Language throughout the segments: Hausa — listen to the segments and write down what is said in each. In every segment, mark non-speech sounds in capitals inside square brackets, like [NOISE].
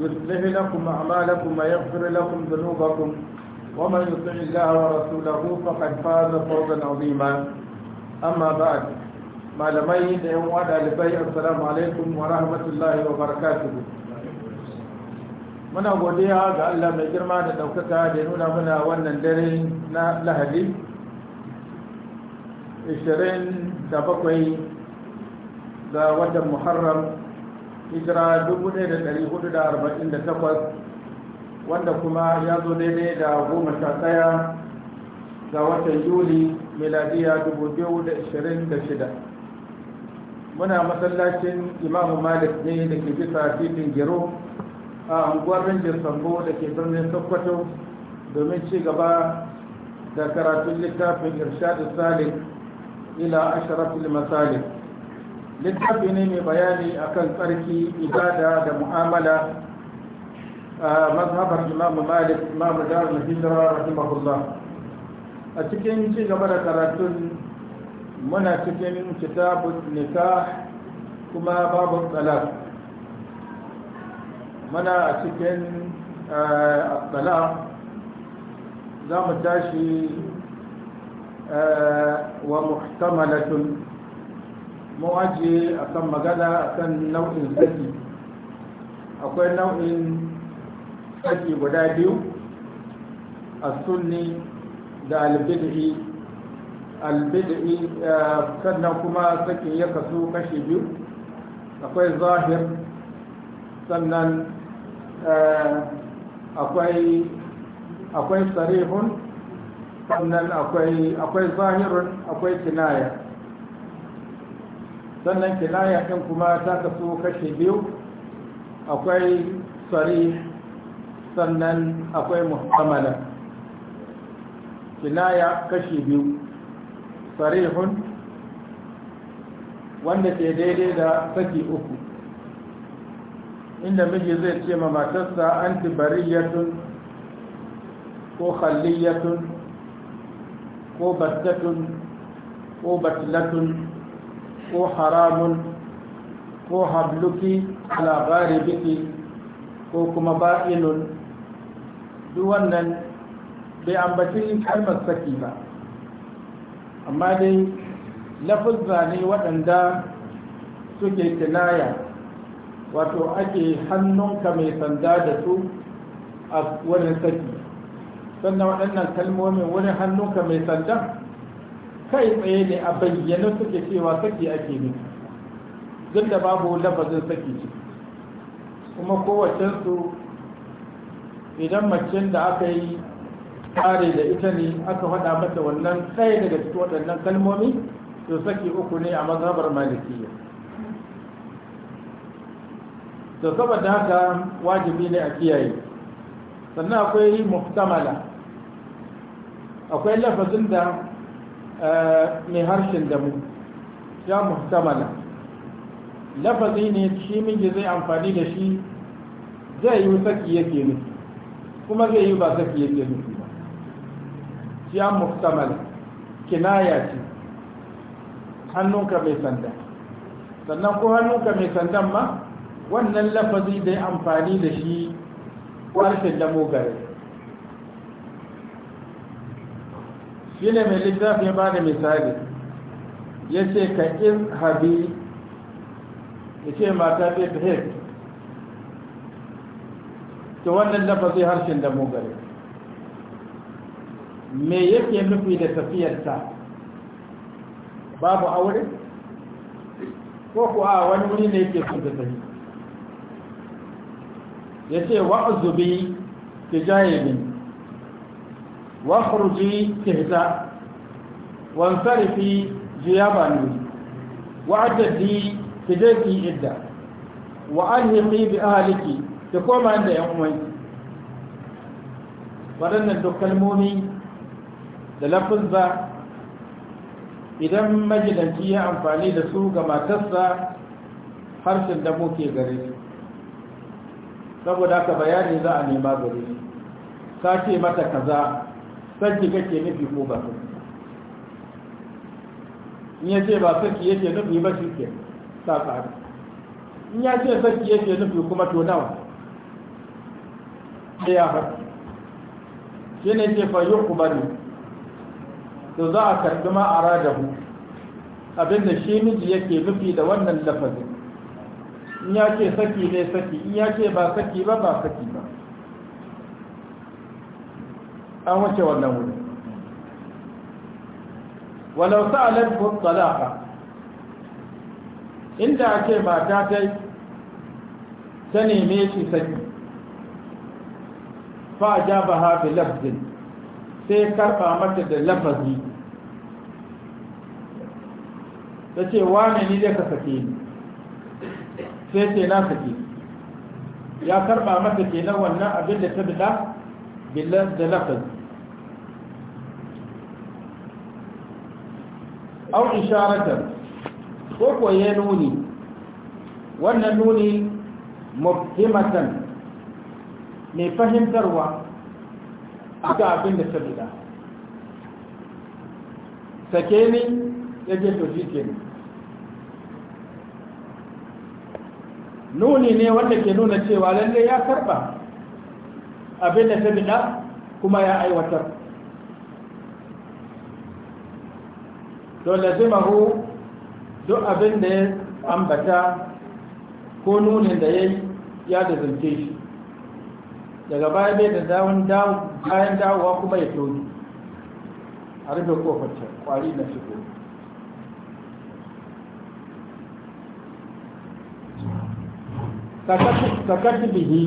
يصلح لكم أعمالكم ويغفر لكم ذنوبكم ومن يطع الله ورسوله فقد فاز فوزا عظيما أما بعد malamai da yan wada alibai assalamu alaikum wa rahmatullahi wa muna godiya ga Allah mai girma da ɗaukaka da nuna muna wannan dare na lahadi 27 ga watan muharram hijira 1448 wanda kuma ya zo daidai da goma sha ɗaya ga watan yuli miladiya 2026 muna masallacin imamu malik ne da ke bisa titin gero a unguwar rinjin sambo da ke birnin sokoto domin ci gaba da karatun littafin irshadu salik ila asharatul masalik littafi ne mai bayani akan tsarki ibada da mu'amala a mazhabar imamu malik imamu darul hijra rahimahullah a cikin ci gaba da karatun muna cikin kitabun nikah kuma babu talaq muna a cikin talaq za mu tashi wa muhtamalatun mawaje a kan magana a kan nau'in saki akwai nau'in saki guda biyu a sunni da albid'i albid'i eh, sannan kuma sakin ya kasu kashi biyu akwai zahir sannan eh, akwai akwai sarihun sannan akwai zahirun akwai kinaya sannan kinaya ɗin kuma ta kaso kashe biyu akwai tsari sannan akwai muhammala kinaya kashe biyu tsari hun wanda ke daidai da saki uku inda miji zai ce ma matarsa an antibariyatun ko khalliyatun ko batatun ko batlatun ko haramun ko habluki ala gharibiki ko kuma ba'inun duk wannan bai ambaci kalmar saki ba amma dai lafin ne waɗanda suke kinaya wato ake hannunka mai sanda da su a wurin saki sannan waɗannan kalmomin wurin hannunka mai sanda kai tsaye ne a bayyana suke cewa saki ake ne duk da babu lafazin saki ce kuma kowacensu idan macen da aka yi tsare da ita ne aka faɗa mata wannan tsaye daga cikin waɗannan kalmomi to saki uku ne a mazhabar malikiya to saboda haka wajibi ne a kiyaye sannan akwai muhtamala akwai lafazin da mai harshen damu ya muhtamala lafazi ne shi miji zai amfani da shi zai yi saki yake nufi kuma zai yi ba saki yake nufi ba ya muhtamala kinaya ce hannunka mai sanda sannan ko hannunka mai sandan ma wannan lafazi da ya amfani da shi harshen damu gare shi ne mai littafi ya bada misali ya ce ka in habi ya ce mata ta ta hek ta wannan zai harshen da mugare me yake nufi da tafiyarta babu aure ko kuwa wani wuri ne yake sun ta tafi ya ce wa'azubi ki jaye واخرجي تهدا وانصرفي جيابني وعددي تجدي إدا وألهقي بأهلك تقوم عند يومي ولن duk kalmomi da idan majalanci ya amfani da su ga matarsa harshen da muke gare su saboda aka bayani za a nema gare su mata kaza saki kake nufi ko ba su. in ya ce ba saki yake nufi ba shi ke sa tsari in ya ce saki yake nufi kuma to nawa sai ya haɗu shi ne ce fa yi ne. to za a karɓi ma'ara da hu abinda shi miji yake nufi da wannan lafazin in ya ce saki ne saki in ya ce ba saki ba ba saki ba an wuce wannan wuri walau sa'alat kun talaqa inda ake mata tai ta neme shi sani fa ha bi lafzin sai karfa mata da lafazi ta ce wane ni da ka sake ni sai ce na sake ya karba mata kenan wannan abin da ta bila da lafazi au isharatan ko ko ya nuni wannan nuni mubhimatan mai fahimtarwa a ga abin da ta bida sake ni ya je to shi ke nuni ne wanda ke nuna cewa lalle ya karba abin da ta bida kuma ya aiwatar to hu duk abin da ya ambata ko nunin da ya yi ya da zunce shi daga baya bai da zawon bayan dawowa kuma ya toni a rufe kofarta kwari na shigo sakati bihi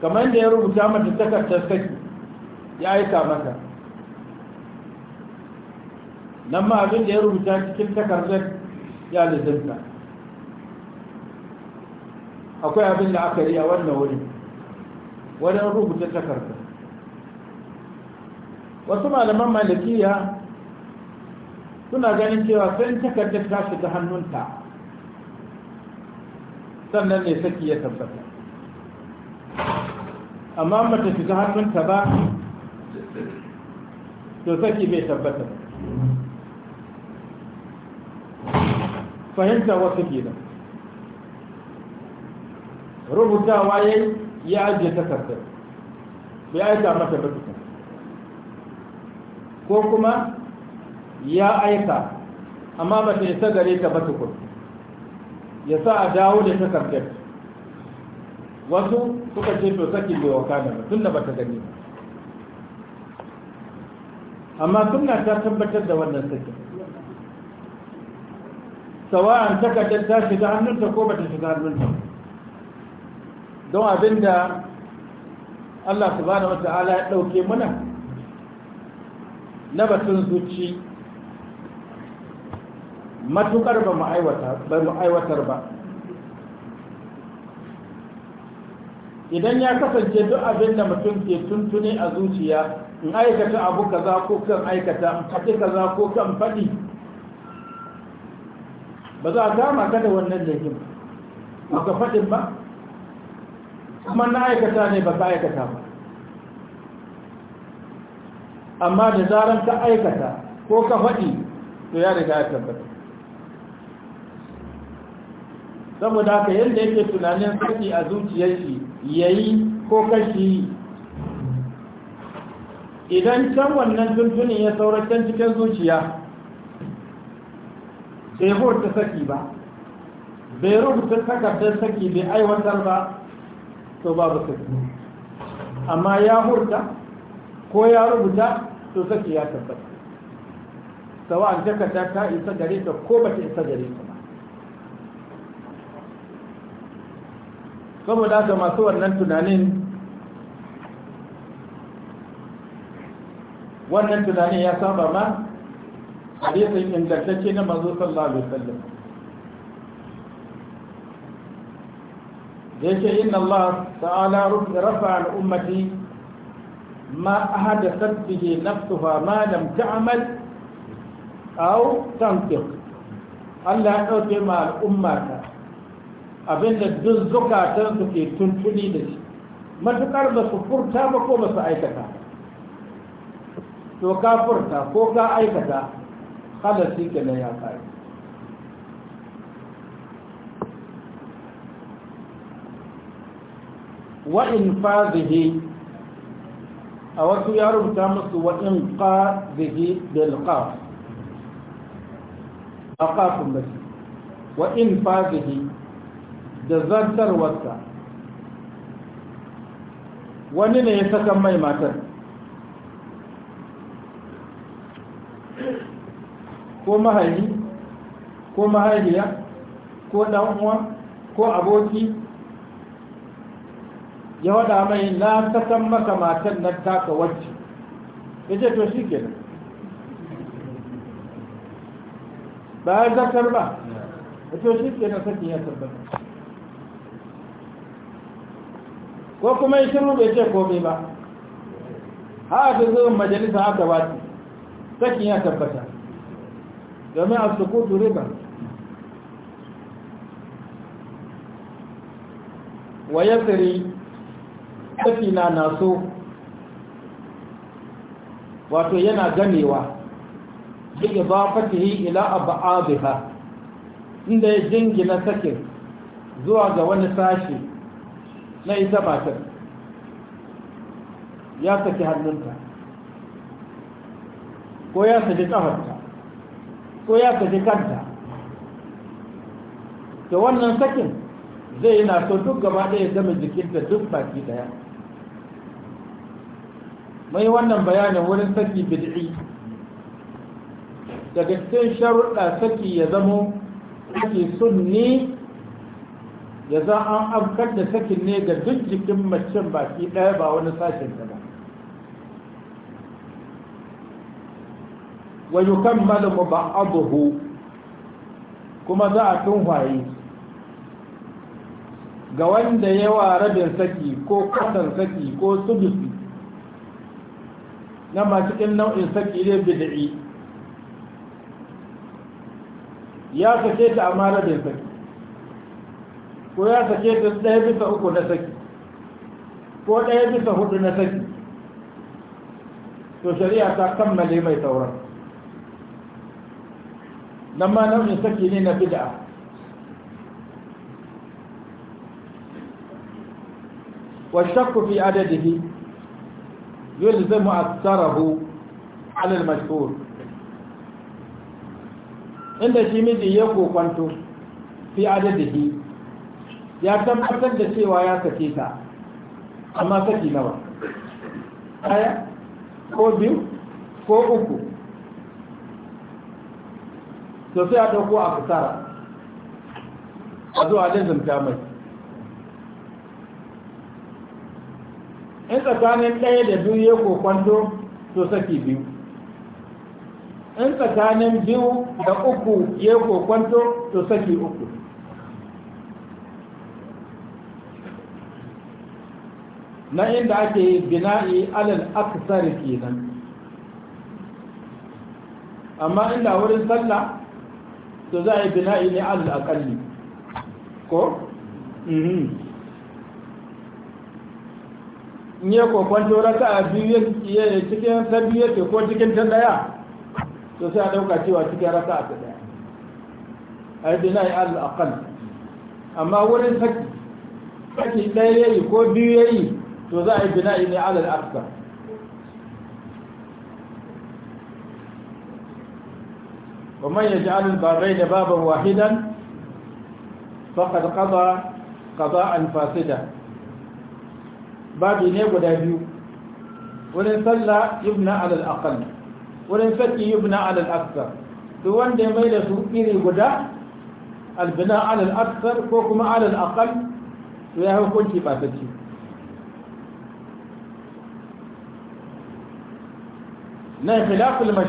kamar da ya rubuta mata takardar saki ya aika mata nan ma abin da ya rubuta cikin takardar ya lizinta akwai abin da aka yi a wannan wurin wajen rubuta takardar wasu malaman malikiya suna ganin cewa sai takardar ta shiga hannunta sannan ne saki ya tabbata amma mata shiga hannunta ba to saki bai tabbata ba fahimta wasu kenan rubutawa ya ya ajiye takardar bai aika mata ba ko kuma ya aika amma ba ta isa gare ta ba ya sa a dawo da takardar wasu suka ce to sakin bai wakana ba tun da ba ta gani ba amma suna ta tabbatar da wannan sakin sawa'an takardar ta shiga hannunta ko ba ta shiga hannunta don abinda Allah subhanahu wata'ala ya ɗauke muna na batun zuci matukar ba aiwatar ba idan ya kasance duk abin da mutum ke tuntune a zuciya in aikata abu kaza ko kan aikata in faɗi kaza ko kan faɗi ba za a kama ka da wannan laifin ba ka faɗin ba kuma na aikata ne ba ka aikata ba amma da zaran ka aikata ko ka faɗi to ya riga ya tabbata saboda haka yadda yake tunanin saki a zuciyarki ya yayi ko kashi idan can wannan tuntunin ya sauratan cikin zuciya bai hurta saki ba bai rubuta takardar saki bai aiwatar ba to babu saki amma ya hurta ko ya rubuta to saki ya tabbata an takarda ta isa gare ta ko ba ta isa gare ta ba saboda ga masu wannan tunanin wannan tunanin ya saba ma hadisin ingantacce na manzo sallallahu alaihi wasallam da ce inna Allah ta'ala rafa al ummati ma ahadathat bihi nafsuha ma lam ta'mal aw tantiq Allah ya dauke ma al'ummata. ummata abinda duk zukatan su ke tuntuni da shi matukar ba su furta ba ko ba su aikata to ka furta ko ka aikata kada shi ke nan ya kai wa in fazihi a wasu ya rubuta musu wa in qazihi bil qaf aqafun basi wa in fazihi da zartarwarsa wani ne ya saka mai matar ko mahaifi ko mahaifiya ko uwa ko aboki ya wada mai na kasan maka matan nan taka wacce ya ce to shi kenan ba ya zartar ba ya to shi kenan sakin ya tabbata ko kuma yi shiru bai ce komai ba ha a ta zo majalisa aka wace sakin ya tabbata jami'ar a sukutu riba wa ya na naso wato yana ganewa da ibafatihi ila abu'adiha inda ya jingina sakin zuwa ga wani sashe na ita matar ya saki hannunta ko ya saki kafarta ko ya kanta ta wannan sakin zai yana so duk gaba ɗaya zama jikinta duk baki ɗaya mai wannan bayanin wurin saki bid'i daga cikin sharuɗa saki ya zamo saki sunni ya za an afkar da sakin ne ga duk jikin macen baki ɗaya ba wani sashen ba wa yukammalu mubaaduhu kuma za a hwaye. ga wanda yawa rabin saki ko kwatan saki ko sudusi na ma cikin nau'in saki ne bidai ya sake ta amma rabin saki ko ya sake ta ɗaya bisa uku na saki ko ɗaya bisa hudu na saki to shari'a ta kammale mai sauran nan ma nau'in saki ne na bid'a wa shakku fi adadihi yulzimu aktsarahu ala al-mashhur inda shi miji ya kokwanto fi adadihi ya tabbatar da cewa ya sake ta amma saki nawa ɗaya ko biyu ko uku to sai a dauko a fitara a zo a lazumta mai in tsakanin ɗaya da biyu ya kokwanto to saki biyu in tsakanin biyu da uku ya kokwanto to saki uku na inda ake bina'i alal aksar kenan amma inda wurin sallah to za a yi bina'i ne al akalli ko mhm. ne ko kwanto raka a biyu cikin ta biyu yake ko cikin ta daya to sai a dauka cewa cikin raka a ta daya a yi bina'i al akalli amma wurin saki saki ɗaya yayi ko biyu yayi to za a yi bina'i ne al akalli ومن يجعل البابين بابا واحدا فقد قضى قضاء فاسدا babi ne guda biyu wurin sallah yubna alal aqal wurin saki yubna alal aksar duk wanda ya mai da su iri guda albina alal aksar ko kuma alal aqal to ya hukunci ba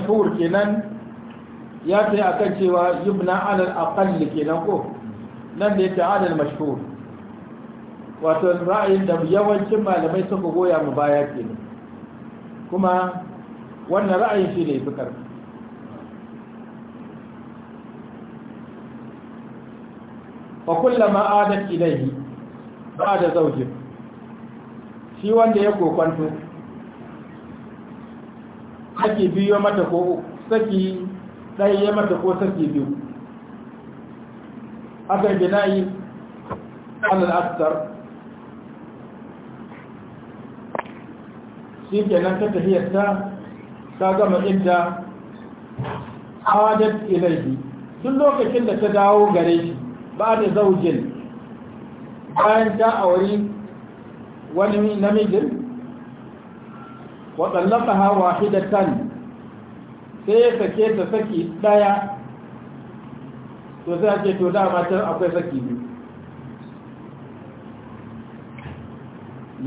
mashhur kenan ya fi a akan cewa yubna alal ke kenan ko nan da yake alal mashhur wato ra'ayin da yawancin malamai suka goya mu baya nan, kuma wannan ra'ayin shi ne fikar fa kullama adat ilayhi ba'da zawjin shi wanda ya kokwanto ake biyo mata ko saki ɗaya ya mata ko sarki biyu aka yi binayi alal aksar shi kenan ta tafiyarta ta gama inda adat ilaihi tun lokacin da ta dawo gare shi ba da zaujin bayan ta auri wani namijin waɗallaka ha wahidatan sai ya sake ta saki ɗaya to sai ake to dama can akwai saki biyu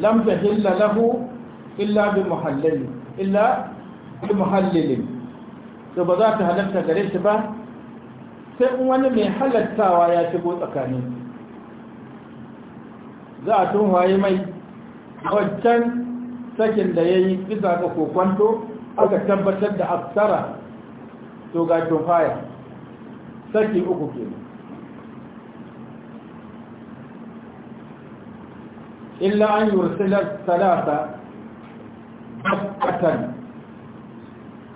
lam hilla lahu illa bi muhallali illa bi muhallali to ba za ta halatta gare shi ba sai in wani mai halattawa ya shigo tsakanin za a tun waye mai wancan sakin da ya yi bisa ga kokonto aka tabbatar da aftara to ga tofaya saki uku ke illa an yursilar talata bakatan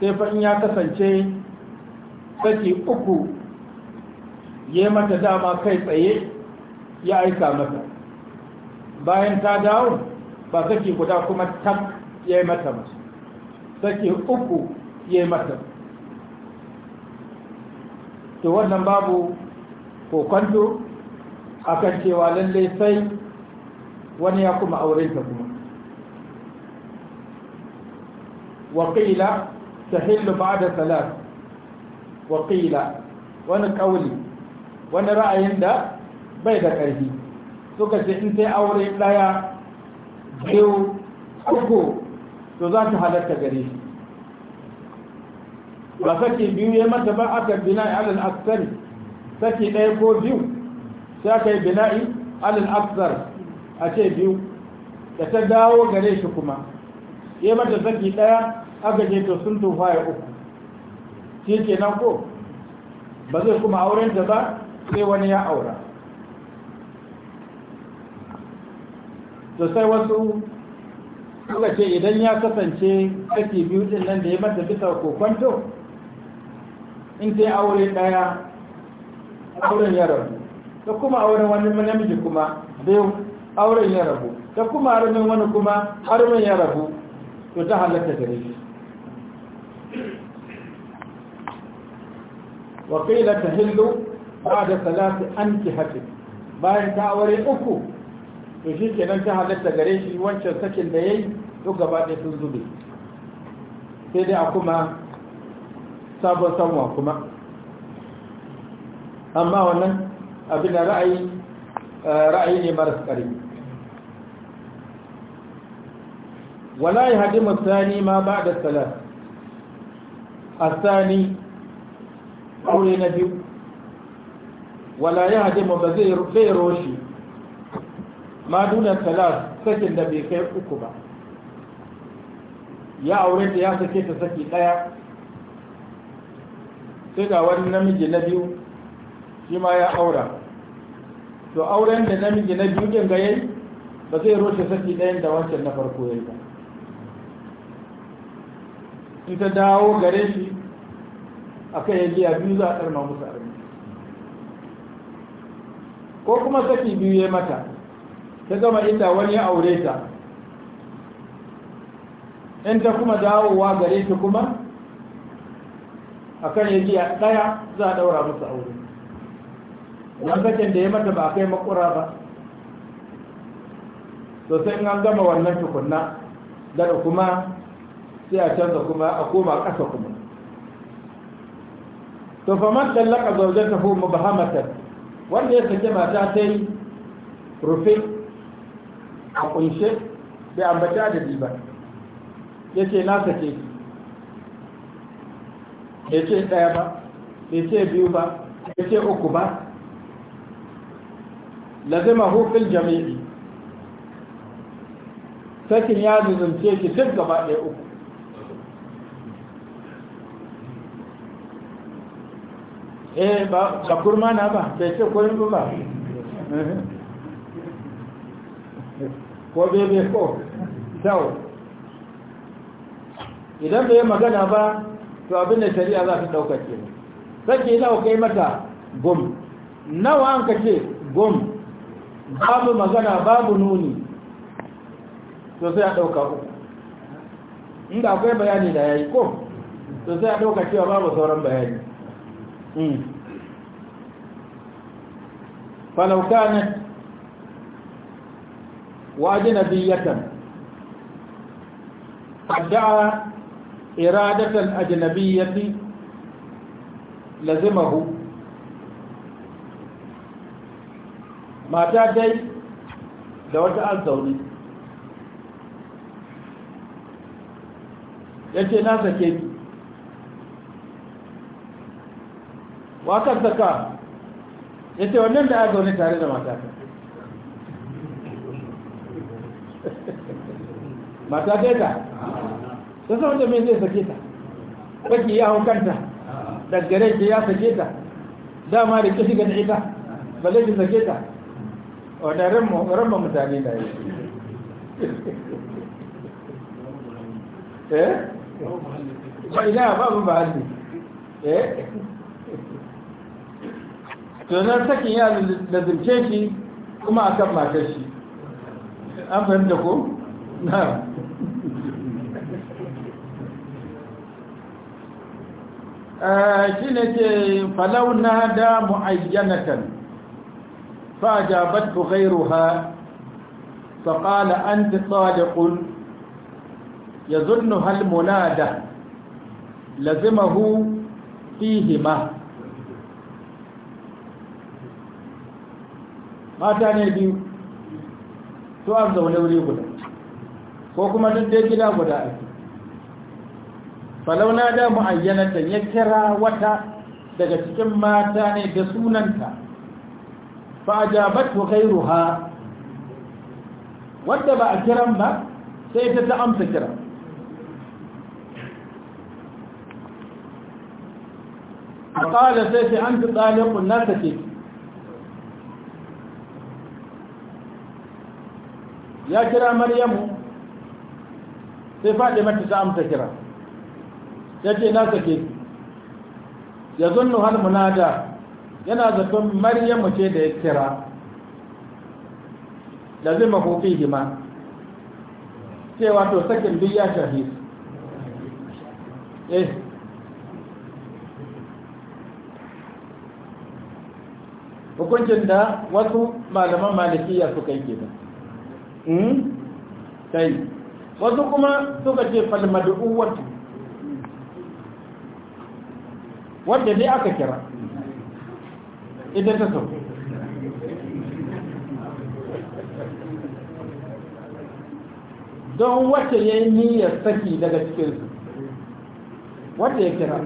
sai fa ya kasance saki uku ya mata dama kai tsaye ya aika mata bayan ta dawo ba saki guda kuma tak ya mata ba. sake uku ya yi mata to wannan babu kokonto a kan cewa lallai sai wani ya kuma ta kuma waƙila ta hillu ba da salat waƙila wani ƙauli wani ra'ayin da bai da ƙarfi suka ce in sai aure ɗaya biyu uku to za ta halatta gare shi ba saki biyu ya mata ba aka bina'i alal aksar saki ɗaya ko biyu sai aka yi bina'i alal aksar a ce biyu da ta dawo gare shi kuma ya mata saki ɗaya aka je to sun tufa ya uku shi ke nan ko ba zai kuma auren ta ba sai wani ya aura to sai wasu suka ce idan ya kasance kashi biyu din nan da ya mata bisa kwanto in ta aure daya auren ya rabu ta kuma auren wani namiji kuma biyu auren ya rabu ta kuma harumin wani kuma harumin ya rabu to ta halatta da rashi wakila ta hindu ba da salatu an ki bayan ta aure uku to shi kenan ta halatta gare shi wancan sakin da ya yi duk gaba ɗaya sun zube sai dai a kuma sabon sanwa kuma amma wannan abin da ra'ayi eh, ra'ayi ne maras tsari wala ya haɗi musani ma ba da salat a sani aure na biyu wala ya haɗi mu ba zai roshi ma duna talas sakin da bai kai uku ba ya aure ta ya sake ta saki ɗaya sai ga wani namiji na biyu shi ma ya aura to auren da namiji na biyu din ga yayi ba zai roshe saki ɗayan da wancan na farko yayi ba in ta dawo gare shi akan ya giya biyu za a tsarma musu armi ko kuma saki biyu ya mata ta gama ita wani ya aure ta in ta kuma dawowa gare ta kuma a kan yake a tsaya za a ɗaura musu aure lokacin da ya mata ba a kai makura ba sosai in an gama wannan tukunna daga kuma sai a canza kuma a koma ƙasa kuma to fa man tallaka zawjatahu mubhamatan wanda ya sake mata ta yi rufe a kunshe bai da adadi ba ya ce na sake ki ya ce ɗaya ba ya ce biyu ba ya ce uku ba lazima hukul jami'i sakin ya zuzunce ki duk gaba ɗaya uku eh ba kurma na ba bai ce kurin ba ko bebe ko tau idan bai magana ba to abin da shari'a za ta ɗauka ke sake nawa kai mata gum nawa an ka ce gum babu magana babu nuni to sai a ɗauka uku inda akwai bayani da ya yi ko to sai a dauka cewa babu sauran bayani فلو hmm. كانت وأجنبية قد دعا إرادة الأجنبية لزمه ما تاتي لو تعال دوني yace na sake ki wakar zaka yace wannan da aka zaune tare da matata mata ta ta ta san da mai zai sake ta kake ya hankanta daggare ke ya sake ta dama da kishi shiga ita ba zai ki sake ta wadda ramma mutane na yi eh ba ina babu ba hannu eh tunan sakin ya lazimce shi kuma a kan matashi أفهم لكم نعم آه، شنو فلو نادى معينة فأجابته غيرها فقال أنت صادق يظنها المنادى لزمه فيهما ما تاني بيو to an zaune wuri guda ko kuma duk dai gida guda ake falauna da da ya kira wata daga cikin mata ne da sunanta fa ajabatu ghayruha wadda ba a kiran ba sai ta ta amsa kira qala sai ta anta taliqun nasati ya kira maryamu sai faɗi mata ta amsa kira ya ce na sake ya zunnu hal munada yana zaton maryamu ce da ya kira da zai mafofi hima cewa to sakin duk ya shafi eh hukuncin da wasu malaman malikiya suka yi kenan Hmm? sai wasu kuma suka ce falmadu wata wadda dai aka kira ita ta sau don wacce ya yi niyyar saki daga cikinsu wadda ya kira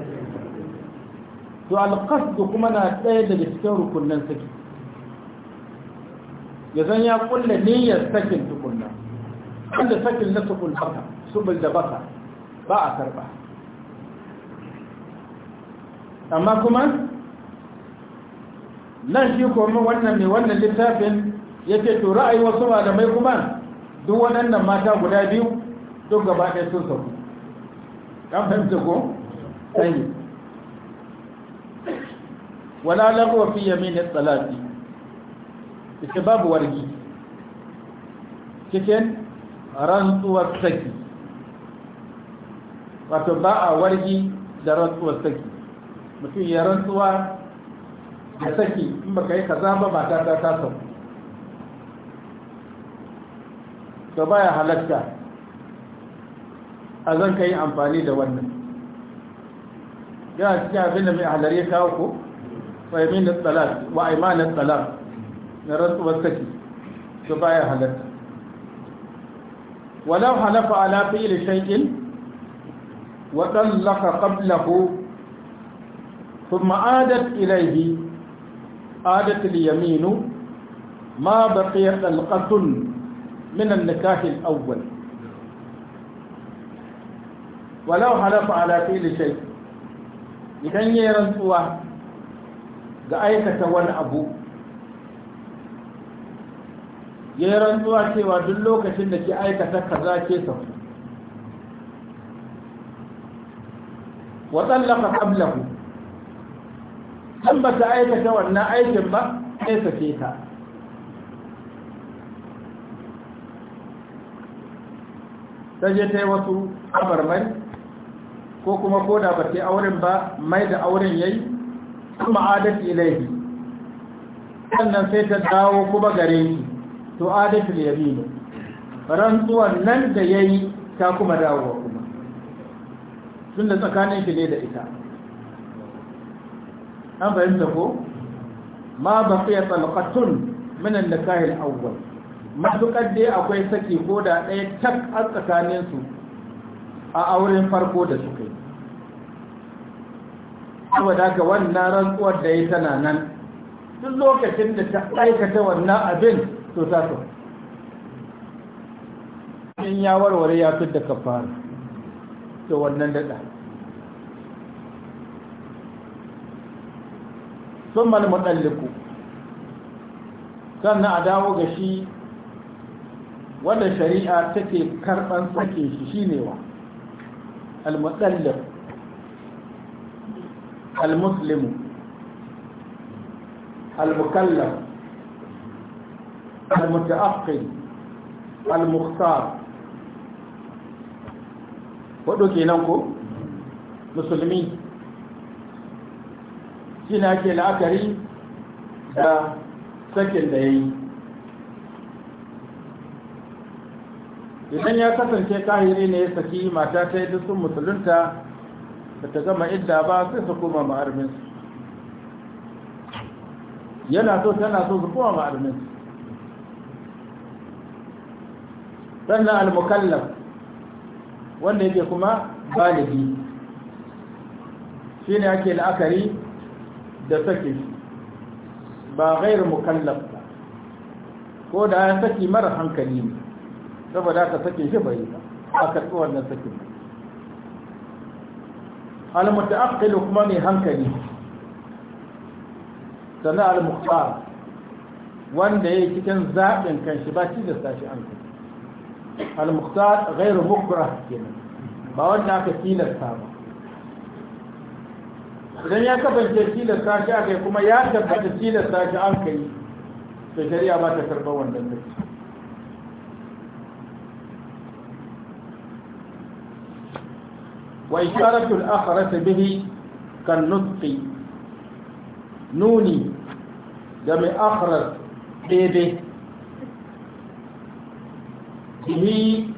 to alƙasdu kuma na ɗaya daga cikin rukunan saki ya zan ya kulle niyyar sakin tukunna wanda sakin na tukun baka subul da baka ba a karba amma kuma nan shi kuma wannan ne wannan littafin ya ce a yi wasu malamai kuma duk waɗannan mata guda biyu duk gaba ɗaya sun sauku ɗan fahimta ko sanyi wala lagwa ya yamin salati ita babu wargi cikin rantsuwar saki wato ba a wargi da rantsuwar saki mutum ya rantsuwa da saki in baka yi kaza ba mata ta tasa to baya halatta a zan ka yi amfani da wannan yana cikin abin da mai halar ya kawo ko wa imanin tsalar na rantsuwar saki to baya halatta ma'adat halafa ala fi'li shay'in wa tallaqa qablahu ثم عادت إليه عادت اليمين ما بقي طلقة من النكاح الأول ولو حلف على فعل شيء idan ya rantsuwa ga aikata wani abu ya yi rantsuwa cewa duk lokacin da ke aikata kaza ke sau watsallaka ƙablahu an ba ta aikata wannan aikin ba sai sake ta ta je ta yi wasu abarmai ko kuma koda ba ta auren ba mai da auren ya yi kuma adadi laifi. sannan sai ta dawo kuma gare shi to adatul yamin rantsuwan nan da yayi ta kuma dawowa kuma tun da tsakanin shi da ita an fahimta ko ma baqiya talqatun min an-nikah al-awwal matukar dai akwai saki ko da ɗaya tak a tsakanin su a auren farko da suka yi saboda ga wannan rantsuwar da ya tana nan tun lokacin da ta aikata wannan abin to ta to in ya warware ya da kafara to wannan dada sun mani matsalliku sannan a dawo ga shi wanda shari'a take karɓar sake shi ne wa al al-muslimu al mukallam al-muta'aqqil al-mukhtar wado kenan ko musulmi Shi na ke la'akari da sakin da ya yi. idan ya kasance kahiri ne ya saki mata ta yi sun musulunta ba ta gama idda ba sai su koma ma'arminsu yana so tana so su koma ma'arminsu sannan al-mukallaf wanda yake kuma shi ne ake la'akari da saki ba ghairu mukallaf ko da ya saki mara hankali ne saboda ka saki shi bai ba a wannan sakin al-muta'aqqil kuma ne hankali sannan al-mukhtar wanda yake cikin zaɓin kanshi ba shi da sashi hankali al-mukhtar ghairu mukrah kenan ba wanda aka tilasta ba idan ya kasance tilasta shi aka yi kuma ya tabbata tilasta shi an kai to shari'a ba ta karɓar wannan da wa isharatul akharata bihi kan nutqi nuni da mai akharar daidai bihi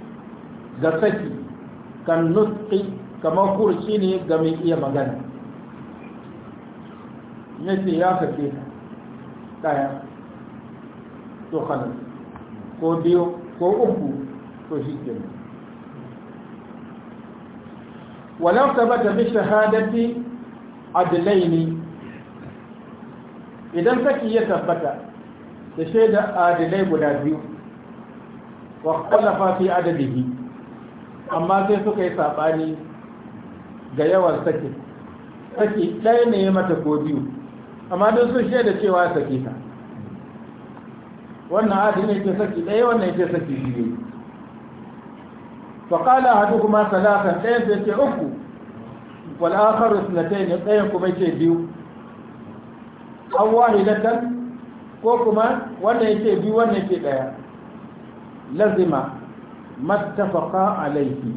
ga saki kan nutqi kamar kurci ne ga mai iya magana yace ya sake ta daya to khalas ko biyu ko uku to shi kenan ولو ثبت بشهادة idan saki ya يثبت da shaida adilai guda biyu wa kwalafa fi adadihi amma sai suka yi saɓani ga yawan sake sake ɗaya ne ya mata ko biyu amma don sun shaida cewa sake ta wannan ne ke saki ɗaya wannan ke saki biyu faƙala hadu kuma salatan ɗayan sai ce uku wal'akar rusulatai ne ɗayan kuma ce biyu an wahidatan ko kuma wannan yake biyu wannan yake ɗaya lazima mattafaqa alaihi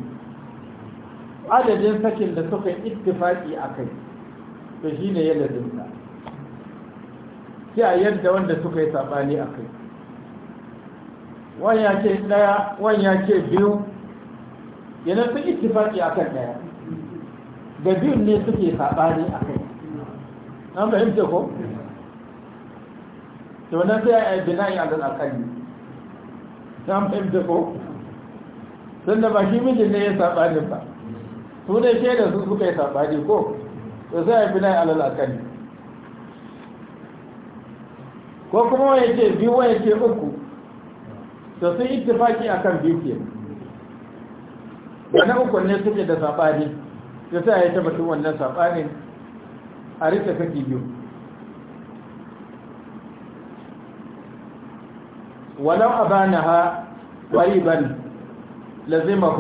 adadin sakin da suka ittifaki akai to shine ya lazimta sai a yadda wanda suka yi sabani akai wanya ce daya wanya ce biyu yana sun ittifaki akan daya da biyu ne suke sabani akai an fahimta ko to nan sai a yi bina'i alal akalli ta fahimta ko sun da ba shi mijin ne ya saɓani ba su ne ke da su suka yi saɓani ko da sai a fi na alal akali ko kuma waye ce biyu waye ce uku da sun ittifaki a kan biyu ke Wani uku ne suke da saɓani da sai a yi ta mutum wannan saɓanin a rika kaki biyu ولو أبانها قريبا لزمه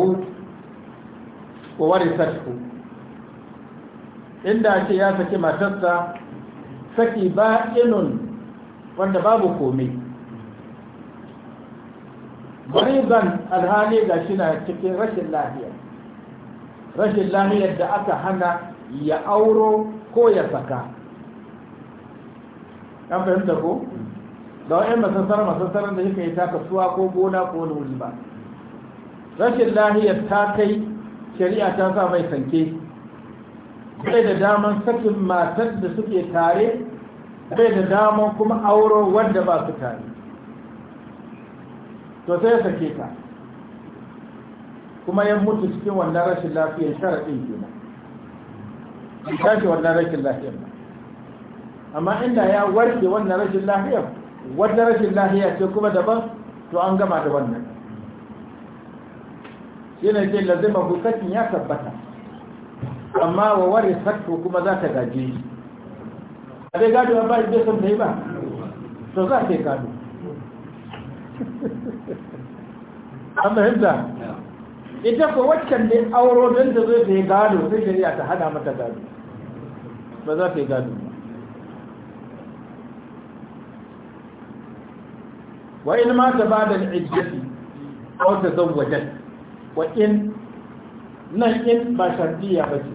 وورثته inda ce ya saki matarsa saki ba inun wanda babu komai mariban alhali ga shi na cikin rashin lafiya rashin lafiyar da aka hana ya auro ko ya saka an fahimta ko da wa'yan masassara masassaran da suka yi ta kasuwa ko gona ko wani wuri ba rashin lahiyar ta kai shari'a ta sa mai sanke bai da daman sakin matar da suke tare bai da daman kuma auro wanda ba su tare to sai ya sake ta kuma ya mutu cikin wannan rashin lafiyar sharaɗin kenan ya tashi wannan rashin lafiyar amma inda ya warke wannan rashin lafiyar wata rashin lahiya ce kuma daban to an gama da wannan shi ne ce lazima hukakin ya tabbata amma wa ware sattu kuma za ta gaji. shi a dai gado ba ba sun ta yi ba to za ta yi gado [LAUGHS] an fahimta ita ko waccan da auro don da zai ta yi gado sai shari'a ta hada mata gado ba za ta yi gado ba wa ma ta bada al'iddati aw tazawwajat wa in nan in ba shartiya ba ce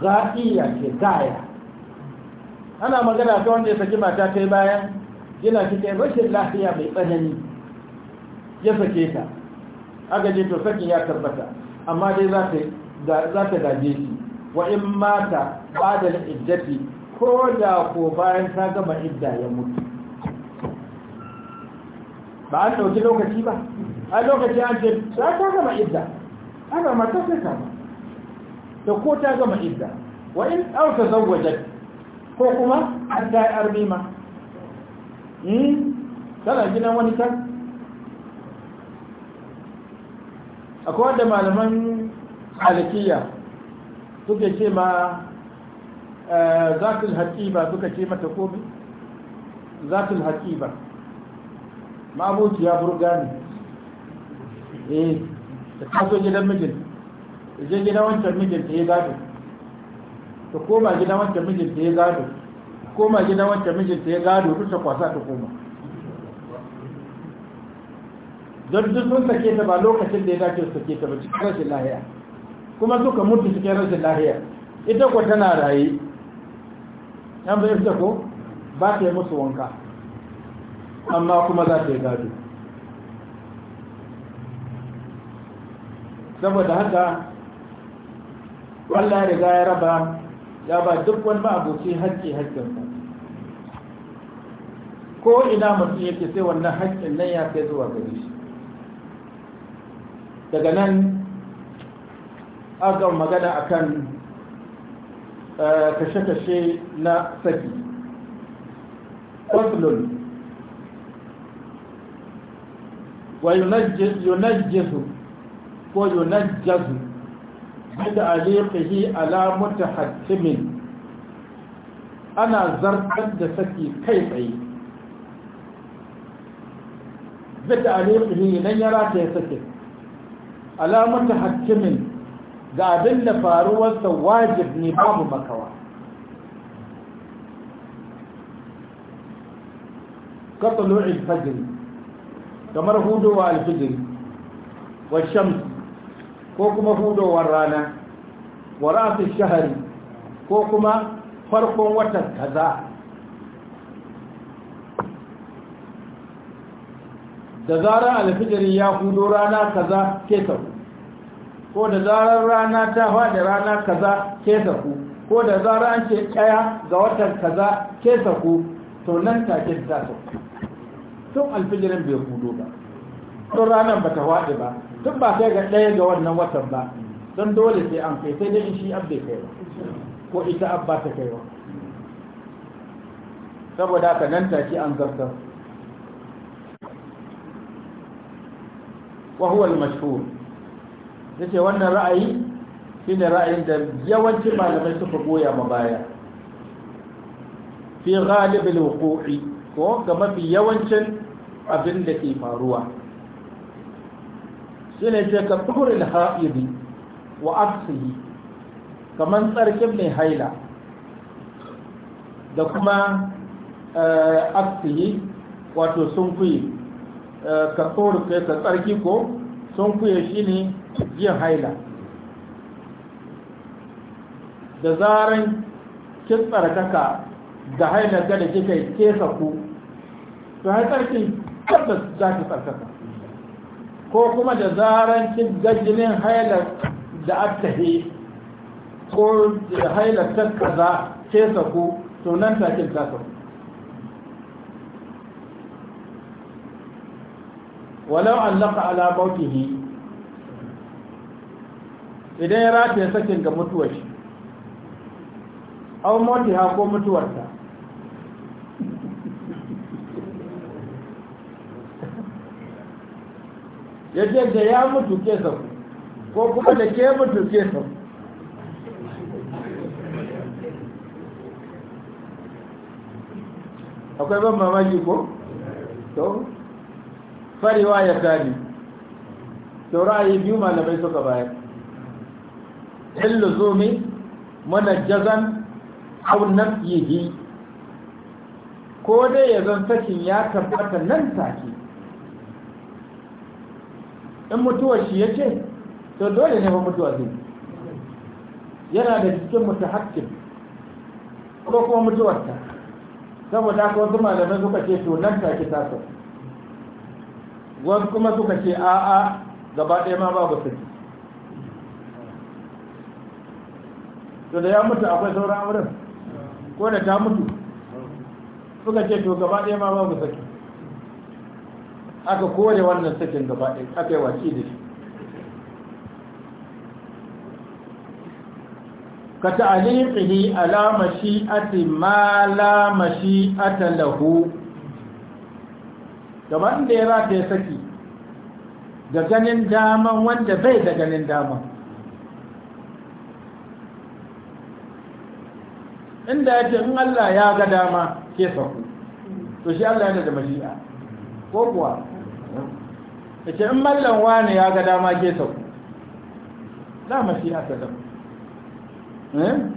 ga'iya ce gaya ana magana ta wanda ya saki mata ta yi bayan yana cikin rashin lafiya mai tsanani ya sake ta aka sakin ya tabbata amma dai za ta gaje shi wa in mata ba da iddati ko da ko bayan ta gama idda ya mutu ba an ɗauki lokaci ba a lokaci an ce za ta gama idda ana mata sai ta da ko ta gama idda wa in ɗauka zauwajen ko kuma an ta yi armima hmm? tana gidan wani kan akwai wanda malaman alikiya suke ce ma eh, zafin haƙiba suka ce mata komi zafin haƙiba mamuci ya burga ni eh ta taso gidan mijin je gidan wancan mijin ta yi gado ta koma gidan wancan mijin ta yi gado koma gidan wancan mijin ta yi gado duk ta kwasa ta koma don duk sun sake ta ba lokacin da ya dace su sake ta ba cikin rashin lahiya kuma suka mutu cikin rashin lahiya ita ko tana raye yan bai ko ba ta yi musu wanka amma kuma za ta yi gado saboda haka Allah riga ya raba ya ba duk wani ma'aboci haƙƙi haƙƙinsa ko ina mutum yake sai wannan haƙƙin nan ya kai zuwa gari? shi daga nan aka magana akan eh, kashe-kashe na saki ƙwasulun wa yunajjisu ko yunajjasu bida alifihi ala mutahattimin ana zartar da saki kai tsaye bida alifihi nan ya rata ya sake ala mutahattimin ga abin da faruwarsa wajib ne babu makawa ka tulu'il fajr kamar hudowa alfijir wa shams ko kuma hudowar rana wa rasu shahari ko kuma farkon watan kaza da zarar alfijiri ya hudo rana kaza ke sauku ko da zarar rana ta faɗi rana kaza ke ku, ko da zarar an ce tsaya ga watan kaza ke ku, to nan take ta sauku tun alfijirin bai hudu ba tun ranar ba ta waɗe ba tun ba kai ga ɗaya ga wannan watan ba don dole sai an kai sai dai shi abbe kai ba ko ita ba ta kai ba saboda ka nan take an zarta wa huwa al-mashhur yace wannan ra'ayi shine ra'ayin da yawancin malamai suka goya ma baya fi ghalib al-wuqu'i ko ga mafi yawancin abin da ke faruwa shi ne ce ka da ha'idi wa aksihi kamar tsarkin mai haila da kuma eh, aksihi wato sun kuyi eh, ka tsoro kai ka tsarki ko sun kuyi shi ne yin haila da zaren kin tsarkaka da haila gada kika kesa ku to har tabbas za ki tsarkaka ko kuma da zaran cin gajinin hailar da yi ko hailar ta kaza ke sako to nan ta ta sako walau allaka ala mautihi idan ya rataye sakin ga mutuwar shi au mautiha ko mutuwarta ya ce da ya mutu ke sau ko kuma da ke mutu ke sau akwai ban mamaki ko? to farewa ya tari to ra'ayi biyu malamai suka bayar illu zumi munajjazan aw yi ko dai ya zan sakin ya tabbata nan take in mutuwar shi ya ce to dole ne ba mutuwa zai yana da cikin mutu haƙƙin ko kuma mutuwarta saboda ko wasu malamai suka ce to nan take tasa wasu kuma suka ce a'a gaba ɗaya ma babu saki to da ya mutu akwai sauran wurin ko da ta mutu suka ce to gaba ɗaya ma babu saki aka kore wannan sakin gaba ɗin aka yi waki da shi ka ta'aliqihi a mashi'ati ma shi mashi'ata lahu kamar inda ya yi saki da ganin daman wanda bai da ganin daman inda ya ce in Allah ya ga dama ke saku to shi Allah yana da mashi'a ko kuwa da in mallan wani ya ga dama ke sau mu shi aka zama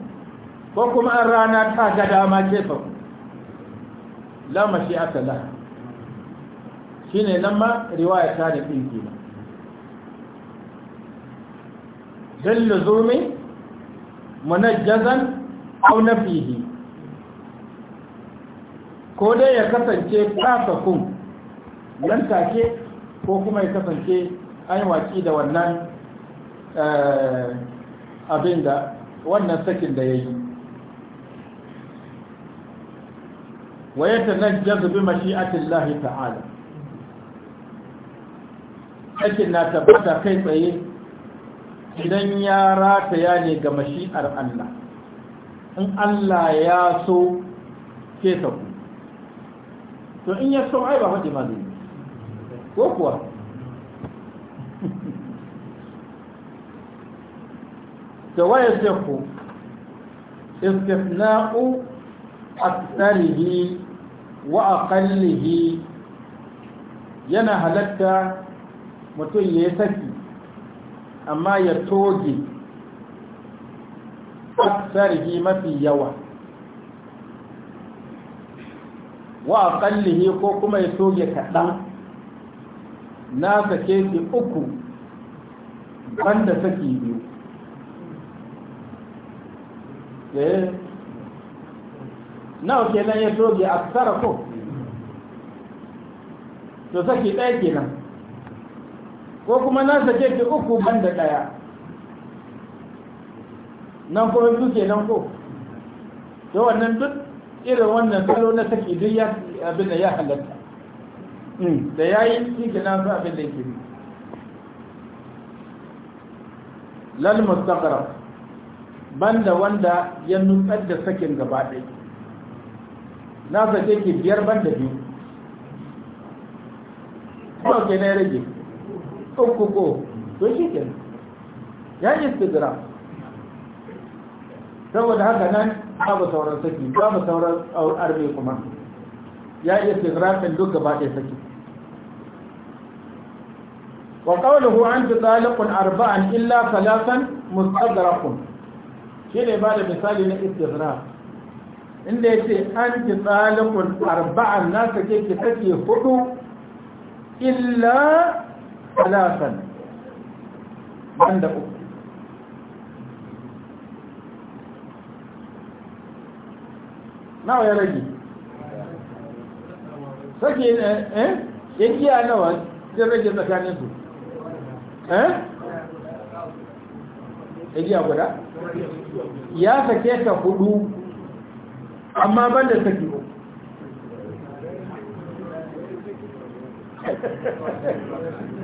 ko kuma an rana ta ga dama ke sau mu shi aka la shi ne nan ma riwaya ta da ɗin kima don luzumi munajjazan jazan auna fihi ko dai ya kasance kasa kun nan take ko kuma ya kasance an waki da wannan eh, abin da wannan sakin da ya yi wayanta nan jazubi mashi'atin lahi ta'ala sakin na tabbata kai tsaye idan ya rataya ne ga mashi'ar Allah in Allah ya so ke sauku to in ya so ai ba faɗi ma zai ko kuwa da waya shekku istifna'u aksarihi wa aqallihi yana halatta mutum ya yi saki amma ya toge aksarihi mafi yawa wa aqallihi ko kuma ya toge kaɗan na sake ki uku banda saki biyu eh nawa kenan ya soge a tsara ko to saki ɗaya kenan ko kuma na sake ki uku banda ɗaya nan kuma biyu kenan ko to wannan duk irin wannan salo na saki duk ya abin da ya halatta Mm. da ya yi shi ke nan su abin da yake bi lal mustaqara banda wanda ya nutsar da sakin gaba ɗaya na sake ke biyar banda biyu kuma ke na rage uku ko to shi ke ya yi istidra saboda haka nan babu sauran saki babu sauran arme kuma ya yi istidrafin duk gaba ɗaya saki وقوله أنت طالق أربعا إلا ثلاثا مستدرك shi ne ba misali na istisra inda ya ce an ki tsalikun arba'an na sake ki sake hudu illa talasan banda uku nawa ya rage tsakaninsu Eh? igiya guda ya sake ta hudu amma ban da saki uku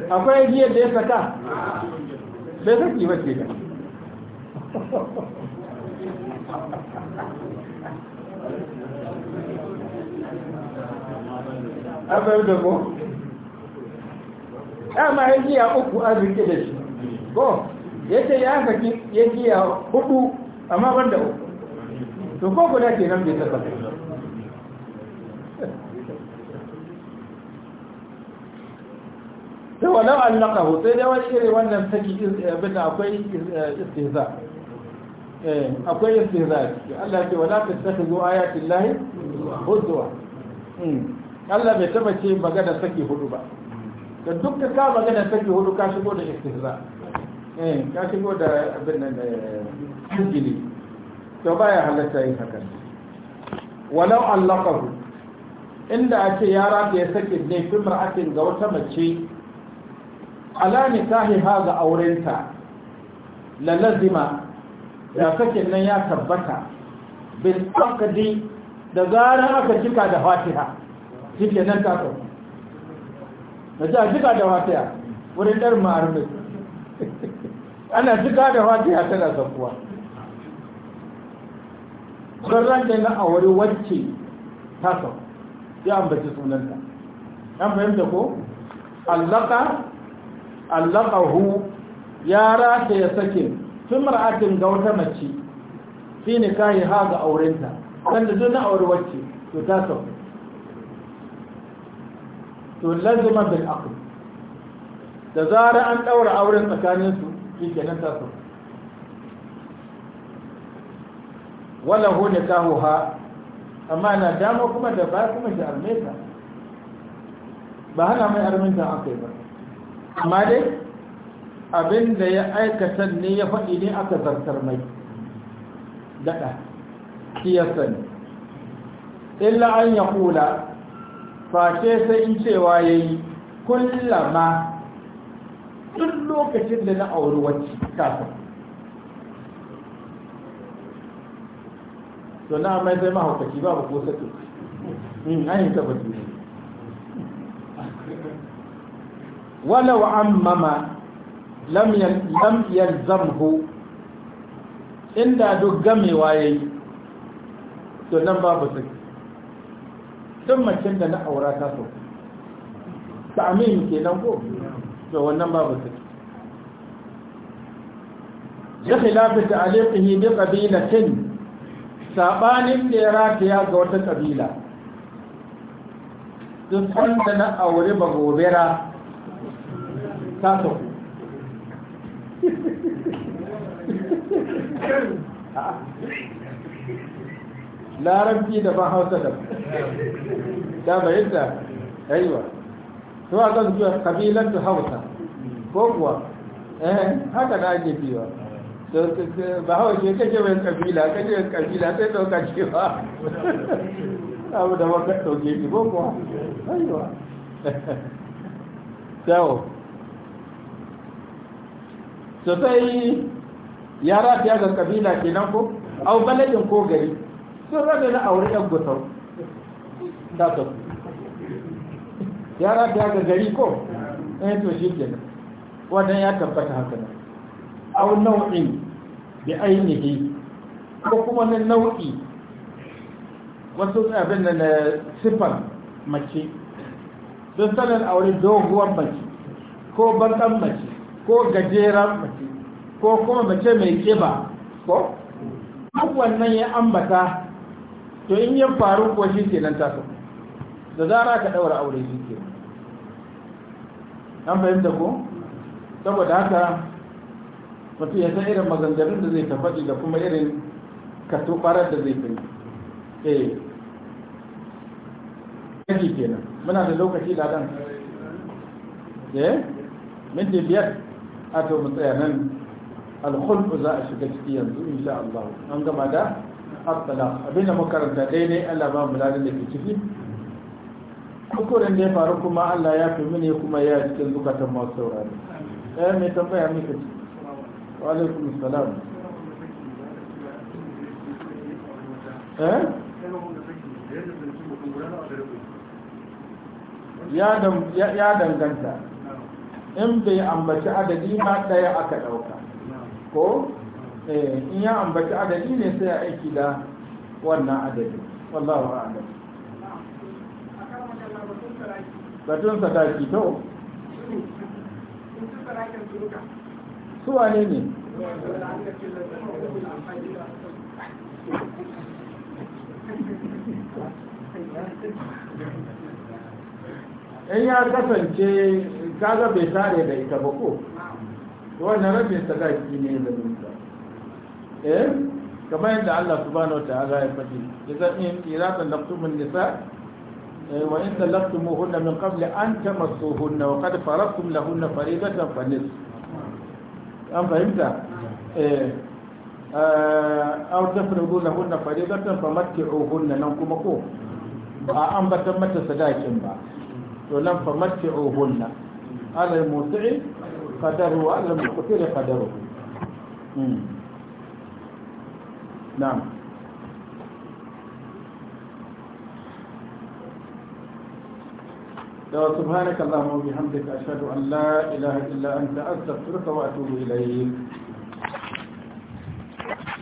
akwai igiyar da ya saka bai saki ba ce abin da ko dama ya giya uku a rike da shi ko ya ce ya haka ya giya hudu amma ban da uku to ko guda ke nan bai saka sai walau allaka sai dai wani iri wannan saki abin akwai eh, istiza eh, akwai istiza Allah ke wala ta saka zo ayatin lahi hudu hmm. Allah bai taba ce magana saki hudu ba da duk dukkan ka magana saki hudu ka shigo da istihza eh ka shigo da abin nan eh, sujili to baya halatta yin haka walau allaqahu inda ake yara da ya saki ne fi mar'atin ga wata mace ala nikahiha ga aurenta la lazima da sakin nan ya tabbata bil aqdi da zarar aka cika da fatiha shi nan ta tabbata da ta jika da watiya wurin ɗar ma'arbe ana jika da watiya tana sakuwa ƙarran da na awari wacce ta sau ya ambaci sunanta an fahimta ko allaka allaka hu ya rata ya sake fi mar'atin ga wata mace fi kayi ha ga aurenta sanda duk na awari wacce to ta sau to lazima bil aql da zara an daura auren tsakanin su shi kenan ta so wala hu ha. amma na dama kuma da ba kuma da armeta ba hana mai arminta akai ba amma dai abin da ya aikata ne ya faɗi ne aka zartar mai daɗa shi ya illa an ya kula face sai in cewa ya yi kullama duk lokacin da na auri wacce kafin to na mai zai mahaukaci babu ko sato in an yi tabbatu wala walau an mama lam yalzamhu inda duk gamewa ya yi to nan babu sato Tun macen da na aura ta so ta amin ke nan ko da wannan babu su ya khilafi ta alifihi bi qabilatin sabanin da ya rataya ga wata kabila tun da na aure ba gobera ta so [LAUGHS] larabci da ban hausa da da bayyanta aiwa to a kan zuwa kabilan da hausa ko kuwa eh haka da ake biyo ba hawa ke kake mai kabila kake mai kabila sai dauka cewa [LAUGHS] abu da maka dauke shi ko kuwa aiwa so [LAUGHS] so sai yara ta ga kabila kenan ko au baladin ko gari sun rame na aure yan gusau ta su yara ta ga gari ko ɗan eh, yato shi ke wannan ya tabbata haka nan au nau'in da ainihi ko kuma na nau'i wasu abin da na eh, siffar mace don sanar aure doguwar mace ko bantan mace ko gajeren mace ko kuma mace mai keba ko wannan ya ambata to in ya faru ko shi ke nan taso da zara ka daura aure shi ke an fahimta ko saboda haka mutu ya san irin maganganun da zai ta da kuma irin katubarar da zai fi eh kaji kenan muna da lokaci da dan eh minti biyar a to mu tsaya nan alkhulq za a shiga ciki yanzu insha Allah an gama da abdala abinda makaranta daidai Allah ba mu da ke ciki kukurin da ya faru kuma Allah ya fi mini kuma ya cikin zukatan masu saurari ɗaya mai tambaya mika ce wa alaikum salam eh? ya danganta in bai ambaci adadi ba ɗaya aka ɗauka ko Eh, in ya ambaci adadi ne sai ya aiki da wannan adadi wallahu a'lam batun sadaki to su wane ne in ya kasance kaga bai tare da ita ba ko wannan rabin sadaki ne da eh kamar yadda Allah subhanahu wataala ya faɗi idan in ira talaqtumun nisa eh, wa in talaqtumuhunna min qabl an tamassuhunna wa qad faradtum lahunna fariidatan fa nis an fahimta eh, eh aw tafridu lahunna fariidatan famatti'uhunna nan kuma ko ba an batan mata sadakin ba to nan famatti'uhunna ala al-musi'i qadaru wa ala al-muqtir qadaru hmm. na'am لو سبحانك اللهم وبحمدك أشهد أن لا إله إلا أنت أستغفرك وأتوب إليك